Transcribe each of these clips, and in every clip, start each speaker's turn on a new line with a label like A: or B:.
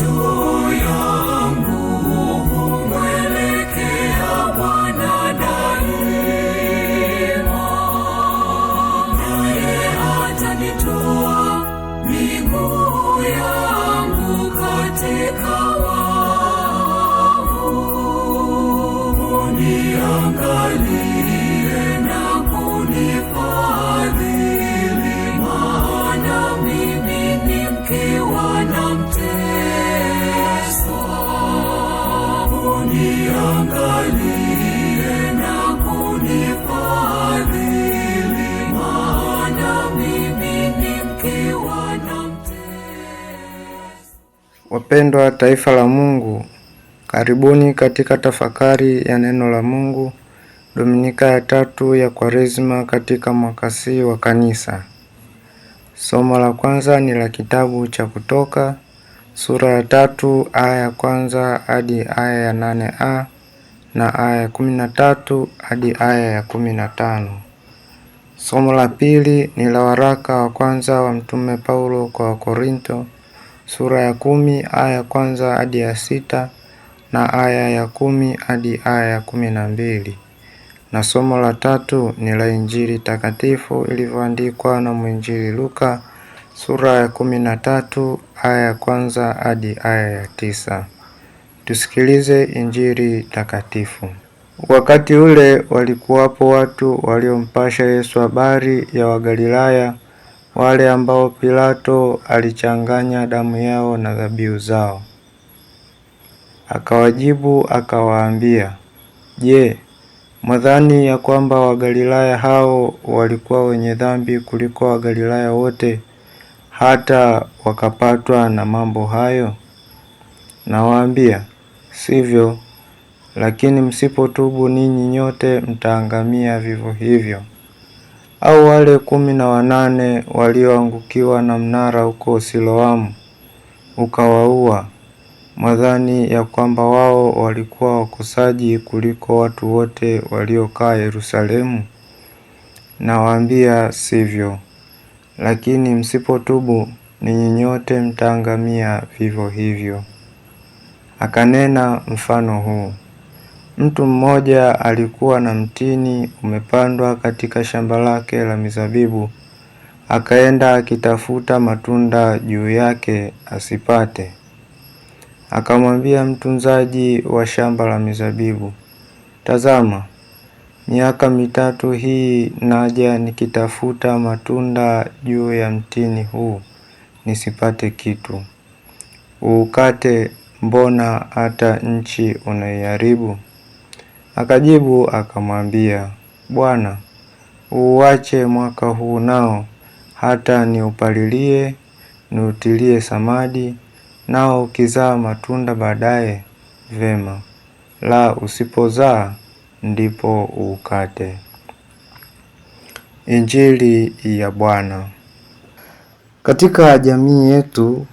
A: juu yangu humwelekea Bwana daima, naye atanitoa yangu katika Wapendwa taifa la Mungu, karibuni katika tafakari ya neno la Mungu, Dominika ya tatu ya Kwaresma katika mwaka C wa Kanisa. Somo la kwanza ni la kitabu cha Kutoka sura ya tatu aya ya kwanza hadi aya ya nane a na aya ya kumi na tatu hadi aya ya kumi na tano. Somo la pili ni la waraka wa kwanza wa Mtume Paulo kwa Wakorinto sura ya kumi aya ya kwanza hadi ya sita na aya ya kumi hadi aya ya kumi na mbili na somo la tatu ni la Injili takatifu ilivyoandikwa na mwinjili Luka sura ya kumi na tatu aya ya kwanza hadi aya ya tisa. Tusikilize Injili takatifu. Wakati ule walikuwapo watu waliompasha Yesu habari ya Wagalilaya wale ambao Pilato alichanganya damu yao na dhabihu zao. Akawajibu akawaambia, Je, mwadhani ya kwamba Wagalilaya hao walikuwa wenye dhambi kuliko Wagalilaya wote hata wakapatwa na mambo hayo? Nawaambia, sivyo, lakini msipotubu ninyi nyote mtaangamia vivyo hivyo au wale kumi na wanane walioangukiwa na mnara huko Siloamu ukawaua, mwadhani ya kwamba wao walikuwa wakosaji kuliko watu wote waliokaa Yerusalemu? Nawaambia sivyo, lakini msipotubu ninyi nyote mtaangamia vivyo hivyo. Akanena mfano huu: Mtu mmoja alikuwa na mtini umepandwa katika shamba lake la mizabibu, akaenda akitafuta matunda juu yake asipate. Akamwambia mtunzaji wa shamba la mizabibu, tazama, miaka mitatu hii naja nikitafuta matunda juu ya mtini huu nisipate kitu. Uukate, mbona hata nchi unaiharibu? Akajibu akamwambia, Bwana, uuache mwaka huu nao, hata niupalilie, niutilie samadi, nao ukizaa matunda baadaye vema, la usipozaa ndipo uukate. Injili ya Bwana. Katika jamii yetu,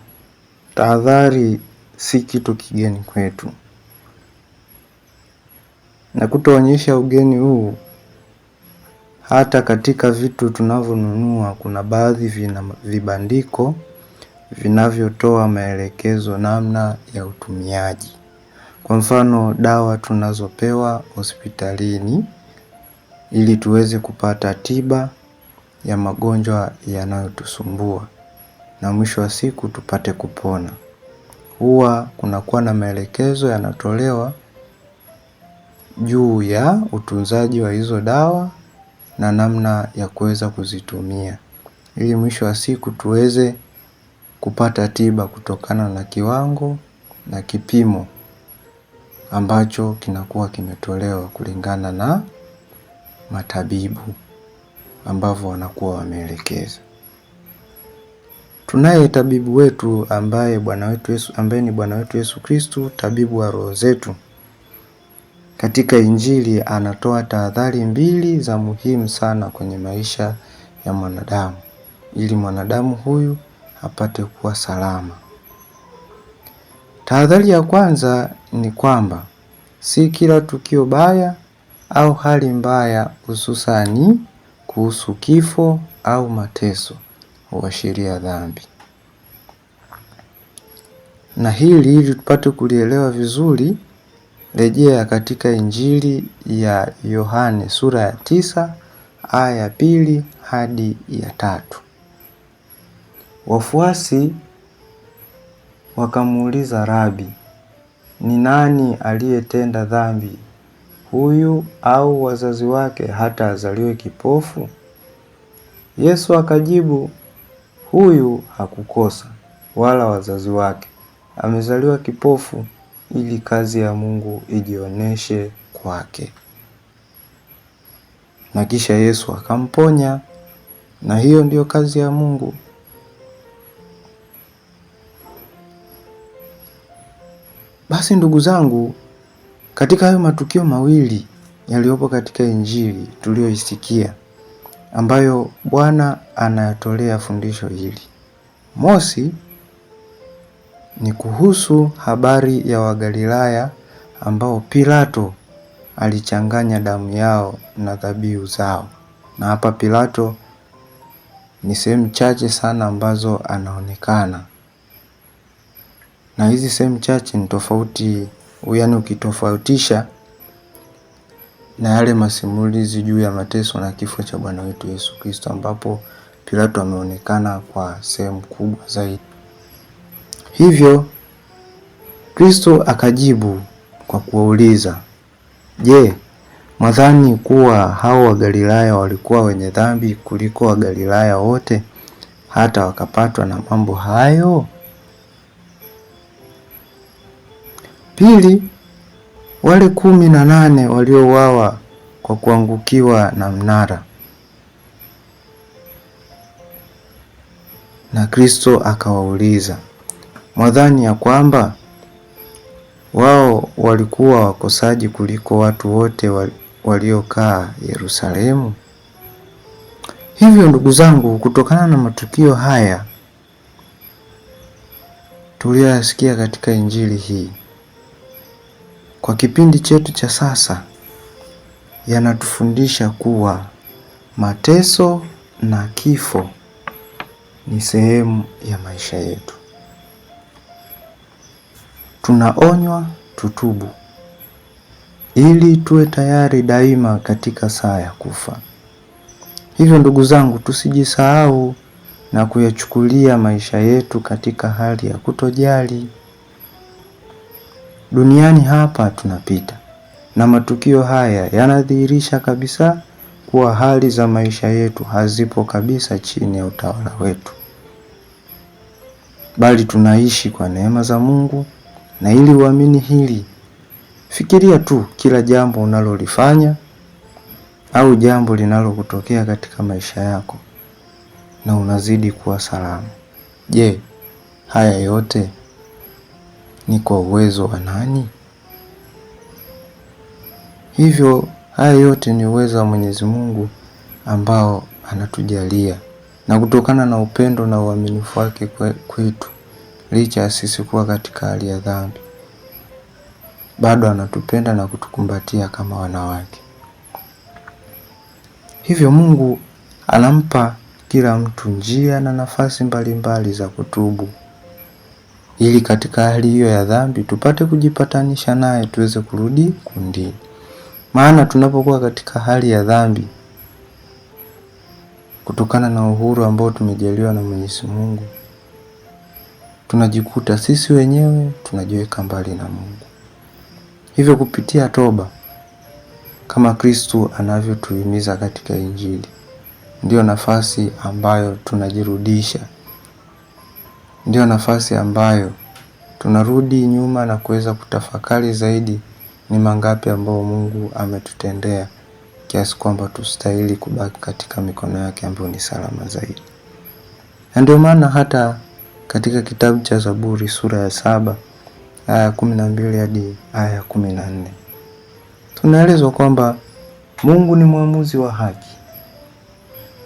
A: tahadhari si kitu kigeni kwetu na kutoonyesha ugeni huu hata katika vitu tunavyonunua. Kuna baadhi vina vibandiko vinavyotoa maelekezo namna ya utumiaji, kwa mfano dawa tunazopewa hospitalini ili tuweze kupata tiba ya magonjwa yanayotusumbua na mwisho wa siku tupate kupona. Huwa kunakuwa na maelekezo yanatolewa juu ya utunzaji wa hizo dawa na namna ya kuweza kuzitumia ili mwisho wa siku tuweze kupata tiba kutokana na kiwango na kipimo ambacho kinakuwa kimetolewa kulingana na matabibu ambavyo wanakuwa wameelekeza. Tunaye tabibu wetu ambaye Bwana wetu Yesu ambaye ni Bwana wetu Yesu Kristu, tabibu wa roho zetu. Katika Injili anatoa tahadhari mbili za muhimu sana kwenye maisha ya mwanadamu ili mwanadamu huyu apate kuwa salama. Tahadhari ya kwanza ni kwamba si kila tukio baya au hali mbaya hususani kuhusu kifo au mateso huashiria dhambi. Na hili ili tupate kulielewa vizuri Rejea katika Injili ya Yohane sura ya tisa aya ya pili hadi ya tatu. Wafuasi wakamuuliza Rabi, ni nani aliyetenda dhambi huyu au wazazi wake hata azaliwe kipofu? Yesu akajibu, huyu hakukosa wala wazazi wake, amezaliwa kipofu ili kazi ya Mungu ijionyeshe kwake. Na kisha Yesu akamponya, na hiyo ndiyo kazi ya Mungu. Basi ndugu zangu, katika hayo matukio mawili yaliyopo katika Injili tuliyoisikia ambayo Bwana anayatolea fundisho hili. Mosi, ni kuhusu habari ya Wagalilaya ambao Pilato alichanganya damu yao na dhabihu zao. Na hapa Pilato ni sehemu chache sana ambazo anaonekana, na hizi sehemu chache ni tofauti, yaani ukitofautisha na yale masimulizi juu ya mateso na kifo cha Bwana wetu Yesu Kristo, ambapo Pilato ameonekana kwa sehemu kubwa zaidi. Hivyo Kristo akajibu kwa kuwauliza, Je, mwadhani kuwa hao Wagalilaya walikuwa wenye dhambi kuliko Wagalilaya wote hata wakapatwa na mambo hayo? Pili, wale kumi na nane waliouawa kwa kuangukiwa na mnara. Na Kristo akawauliza mwadhani ya kwamba wao walikuwa wakosaji kuliko watu wote waliokaa Yerusalemu? Hivyo ndugu zangu, kutokana na matukio haya tuliyoyasikia katika injili hii, kwa kipindi chetu cha sasa, yanatufundisha kuwa mateso na kifo ni sehemu ya maisha yetu tunaonywa tutubu ili tuwe tayari daima katika saa ya kufa. Hivyo ndugu zangu, tusijisahau na kuyachukulia maisha yetu katika hali ya kutojali. Duniani hapa tunapita, na matukio haya yanadhihirisha kabisa kuwa hali za maisha yetu hazipo kabisa chini ya utawala wetu, bali tunaishi kwa neema za Mungu na ili uamini hili, fikiria tu kila jambo unalolifanya au jambo linalokutokea katika maisha yako na unazidi kuwa salama. Je, haya yote ni kwa uwezo wa nani? Hivyo haya yote ni uwezo wa Mwenyezi Mungu ambao anatujalia na kutokana na upendo na uaminifu wake kwetu licha ya sisi kuwa katika hali ya dhambi, bado anatupenda na kutukumbatia kama wanawake. Hivyo Mungu anampa kila mtu njia na nafasi mbalimbali za kutubu, ili katika hali hiyo ya dhambi tupate kujipatanisha naye tuweze kurudi kundini. Maana tunapokuwa katika hali ya dhambi, kutokana na uhuru ambao tumejaliwa na Mwenyezi Mungu tunajikuta sisi wenyewe tunajiweka mbali na Mungu. Hivyo kupitia toba kama Kristu anavyotuhimiza katika Injili, ndiyo nafasi ambayo tunajirudisha, ndiyo nafasi ambayo tunarudi nyuma na kuweza kutafakari zaidi ni mangapi ambayo Mungu ametutendea kiasi kwamba tustahili kubaki katika mikono yake ambayo ni salama zaidi, na ndio maana hata katika kitabu cha Zaburi sura ya saba aya ya kumi na mbili hadi aya ya kumi na nne tunaelezwa kwamba Mungu ni mwamuzi wa haki,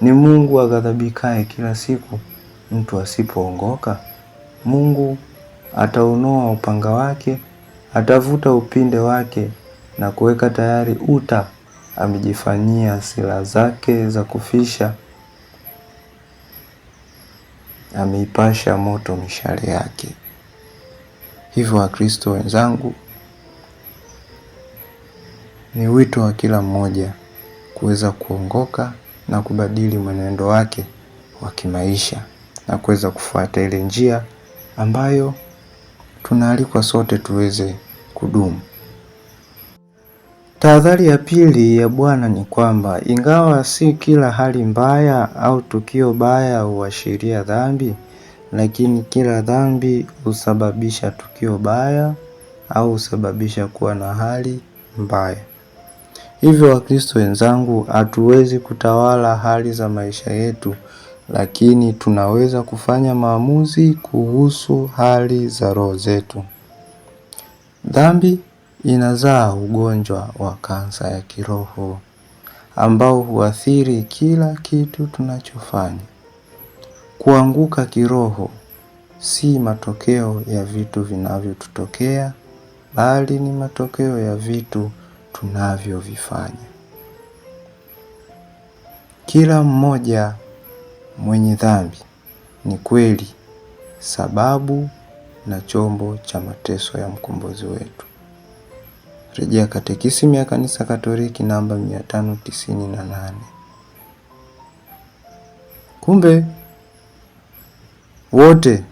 A: ni Mungu aghadhabikaye kila siku mtu asipoongoka. Mungu ataunoa upanga wake, atavuta upinde wake na kuweka tayari uta, amejifanyia silaha zake za kufisha ameipasha moto mishale yake. Hivyo Wakristo wenzangu, ni wito wa kila mmoja kuweza kuongoka na kubadili mwenendo wake wa kimaisha na kuweza kufuata ile njia ambayo tunaalikwa sote tuweze kudumu. Tahadhari ya pili ya Bwana ni kwamba ingawa si kila hali mbaya au tukio baya huashiria dhambi, lakini kila dhambi husababisha tukio baya au husababisha kuwa na hali mbaya. Hivyo Wakristo wenzangu, hatuwezi kutawala hali za maisha yetu, lakini tunaweza kufanya maamuzi kuhusu hali za roho zetu. Dhambi inazaa ugonjwa wa kansa ya kiroho ambao huathiri kila kitu tunachofanya. Kuanguka kiroho si matokeo ya vitu vinavyotutokea, bali ni matokeo ya vitu tunavyovifanya. Kila mmoja mwenye dhambi ni kweli sababu na chombo cha mateso ya mkombozi wetu. Rejea Katekisimu ya Kanisa Katoliki namba 598. Kumbe wote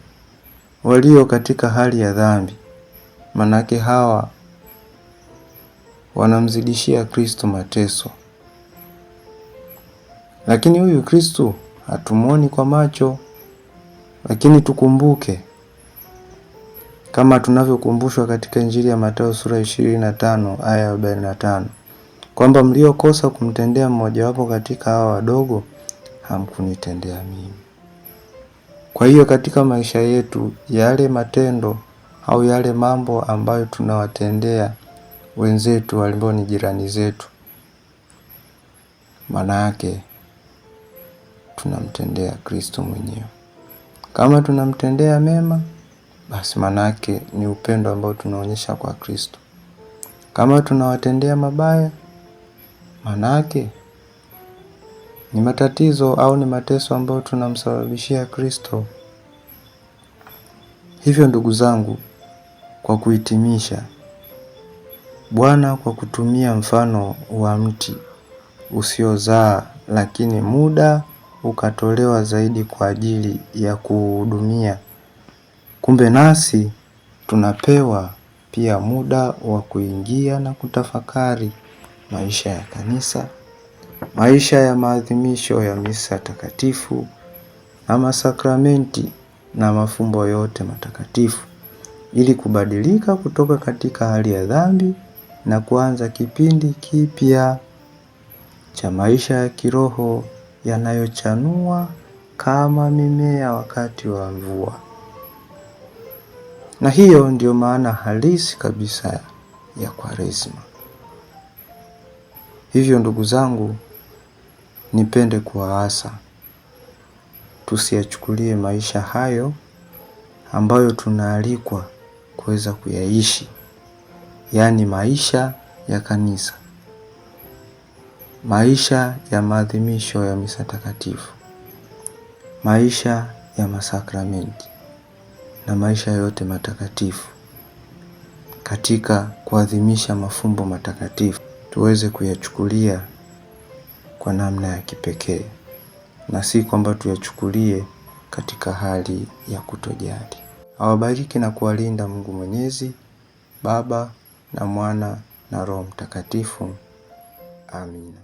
A: walio katika hali ya dhambi, manake hawa wanamzidishia Kristo mateso, lakini huyu Kristo hatumwoni kwa macho, lakini tukumbuke kama tunavyokumbushwa katika Injili ya Mathayo sura ishirini na tano aya arobaini na tano kwamba mliokosa kumtendea mmojawapo katika hawa wadogo hamkunitendea mimi. Kwa hiyo katika maisha yetu yale matendo au yale mambo ambayo tunawatendea wenzetu ambao ni jirani zetu, maana yake tunamtendea Kristo mwenyewe. Kama tunamtendea mema basi manake ni upendo ambao tunaonyesha kwa Kristo. Kama tunawatendea mabaya, manake ni matatizo au ni mateso ambayo tunamsababishia Kristo. Hivyo ndugu zangu, kwa kuhitimisha, Bwana kwa kutumia mfano wa mti usiozaa lakini muda ukatolewa zaidi kwa ajili ya kuhudumia Kumbe nasi tunapewa pia muda wa kuingia na kutafakari maisha ya kanisa, maisha ya maadhimisho ya misa takatifu na masakramenti na mafumbo yote matakatifu ili kubadilika kutoka katika hali ya dhambi na kuanza kipindi kipya cha maisha ya kiroho yanayochanua kama mimea wakati wa mvua na hiyo ndiyo maana halisi kabisa ya Kwaresma. Hivyo ndugu zangu, nipende kuwaasa tusiyachukulie maisha hayo ambayo tunaalikwa kuweza kuyaishi, yaani maisha ya kanisa, maisha ya maadhimisho ya misa takatifu, maisha ya masakramenti na maisha yote matakatifu. Katika kuadhimisha mafumbo matakatifu, tuweze kuyachukulia kwa namna ya kipekee na si kwamba tuyachukulie katika hali ya kutojali. Awabariki na kuwalinda Mungu Mwenyezi, Baba na Mwana na Roho Mtakatifu. Amina.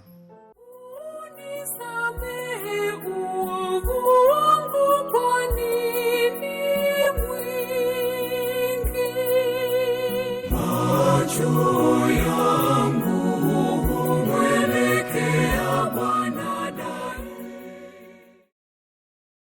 A: Senhor.